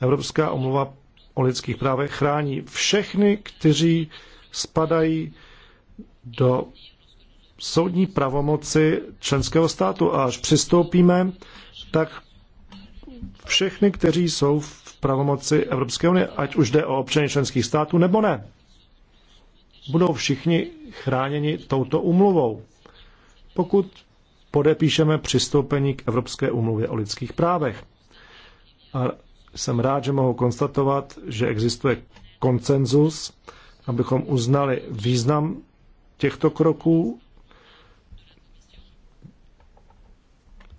Evropská umluva o lidských právech chrání všechny, kteří spadají do soudní pravomoci členského státu. A až přistoupíme, tak všechny, kteří jsou v pravomoci Evropské unie, ať už jde o občany členských států nebo ne budou všichni chráněni touto umluvou, pokud podepíšeme přistoupení k Evropské umluvě o lidských právech. A jsem rád, že mohu konstatovat, že existuje koncenzus, abychom uznali význam těchto kroků,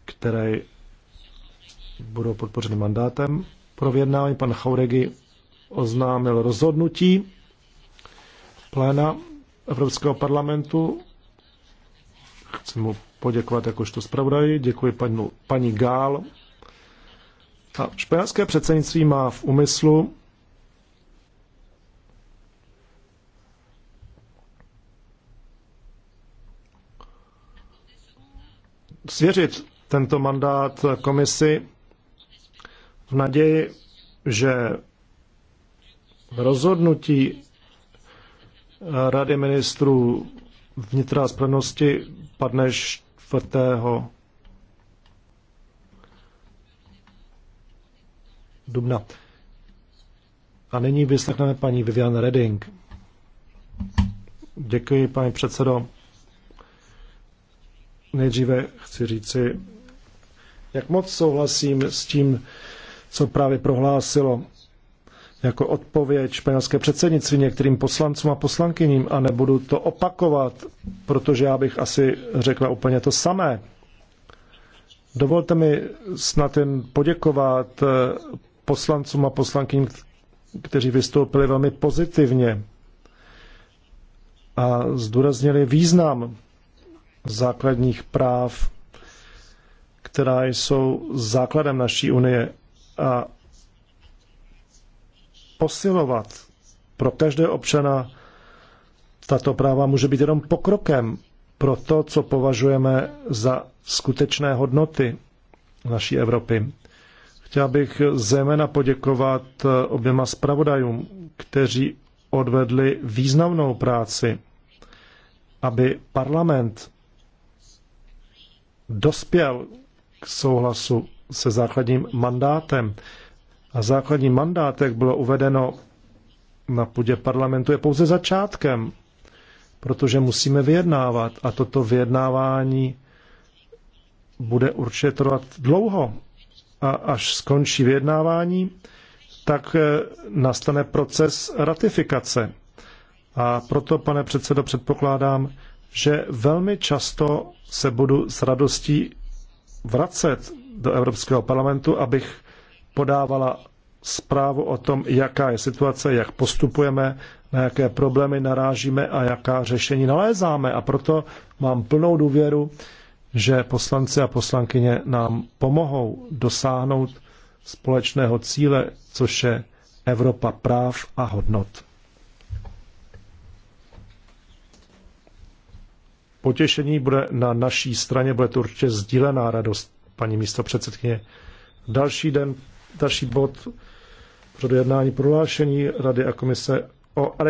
které budou podpořeny mandátem pro vyjednávání. Pan Chauregi oznámil rozhodnutí pléna Evropského parlamentu. Chci mu poděkovat jakožto zpravodaji. Děkuji panu, paní Gál. A španělské předsednictví má v úmyslu svěřit tento mandát komisi v naději, že rozhodnutí Rady ministrů vnitra a spravedlnosti padne 4. dubna. A nyní vyslechneme paní Vivian Redding. Děkuji, paní předsedo. Nejdříve chci říci, jak moc souhlasím s tím, co právě prohlásilo jako odpověď španělské předsednictví některým poslancům a poslankyním a nebudu to opakovat, protože já bych asi řekla úplně to samé. Dovolte mi snad jen poděkovat eh, poslancům a poslankyním, kteří vystoupili velmi pozitivně a zdůraznili význam základních práv, která jsou základem naší unie. A posilovat pro každé občana. Tato práva může být jenom pokrokem pro to, co považujeme za skutečné hodnoty naší Evropy. Chtěl bych zejména poděkovat oběma zpravodajům, kteří odvedli významnou práci, aby parlament dospěl k souhlasu se základním mandátem a základní mandát, jak bylo uvedeno na půdě parlamentu, je pouze začátkem, protože musíme vyjednávat a toto vyjednávání bude určitě trvat dlouho. A až skončí vyjednávání, tak eh, nastane proces ratifikace. A proto, pane předsedo, předpokládám, že velmi často se budu s radostí vracet do Evropského parlamentu, abych podávala zprávu o tom, jaká je situace, jak postupujeme, na jaké problémy narážíme a jaká řešení nalézáme. A proto mám plnou důvěru, že poslanci a poslankyně nám pomohou dosáhnout společného cíle, což je Evropa práv a hodnot. Potěšení bude na naší straně, bude to určitě sdílená radost, paní místo předsedkyně. Další den Další bod pro jednání prohlášení Rady a komise o elektrické